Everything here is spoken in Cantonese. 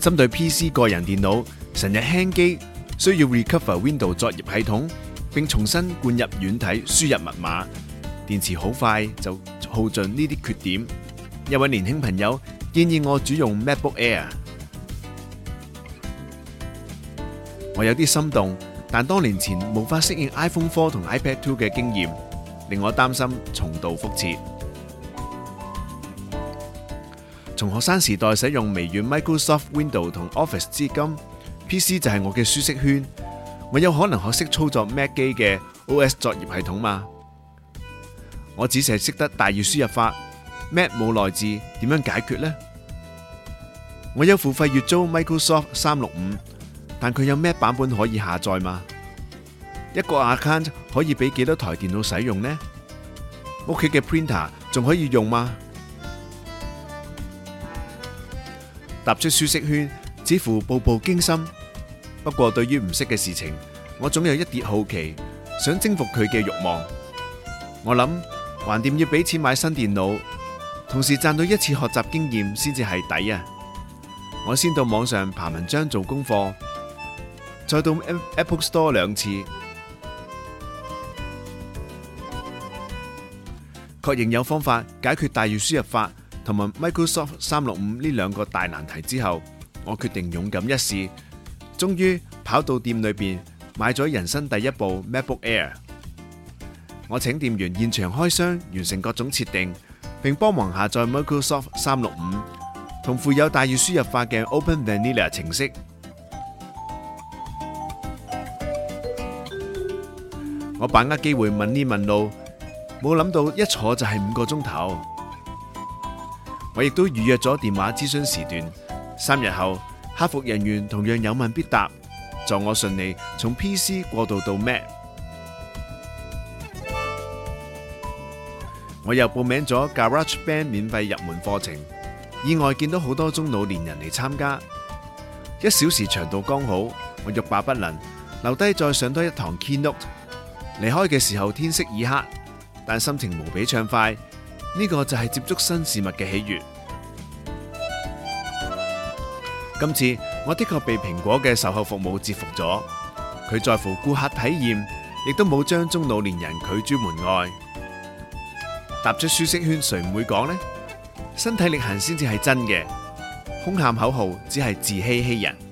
針對 PC 個人電腦，成日當機需要 recover Windows 作業系統，並重新灌入軟體，輸入密碼，電池好快就耗盡，呢啲缺點，一位年輕朋友建議我轉用 MacBook Air，我有啲心動，但多年前無法適應 iPhone 4同 iPad 2嘅經驗，令我擔心重蹈覆轍。從學生時代使用微軟 Microsoft Windows 同 Office 至今，PC 就係我嘅舒適圈。我有可能學識操作 Mac 機嘅 OS 作業系統嘛？我只是係識得大易輸入法，Mac 冇內置，點樣解決呢？我有付費月租 Microsoft 三六五，但佢有 Mac 版本可以下載嘛？一個 account 可以俾幾多台電腦使用呢？屋企嘅 printer 仲可以用嘛？踏出舒適圈，似乎步步驚心。不過對於唔識嘅事情，我總有一啲好奇，想征服佢嘅慾望。我諗橫掂要俾錢買新電腦，同時賺到一次學習經驗先至係抵啊！我先到網上爬文章做功課，再到 Apple Store 兩次，確認有方法解決大易輸入法。同埋 Microsoft 三六五呢兩個大難題之後，我決定勇敢一試，終於跑到店裏邊買咗人生第一部 MacBook Air。我請店員現場開箱，完成各種設定，並幫忙下載 Microsoft 三六五同附有大易輸入法嘅 OpenVanilla 程式。我把握機會問呢問路，冇諗到一坐就係五個鐘頭。我亦都預約咗電話諮詢時段，三日後，客服人員同樣有問必答，助我順利從 PC 過渡到 Mac。我又報名咗 GarageBand 免費入門課程，意外見到好多中老年人嚟參加，一小時長度剛好，我欲罷不能，留低再上多一堂 Keynote。離開嘅時候天色已黑，但心情無比暢快。呢個就係接觸新事物嘅喜悅。今次我的確被蘋果嘅售後服務折服咗，佢在乎顧客體驗，亦都冇將中老年人拒諸門外。踏出舒適圈，誰唔會講呢？身體力行先至係真嘅，空喊口號只係自欺欺人。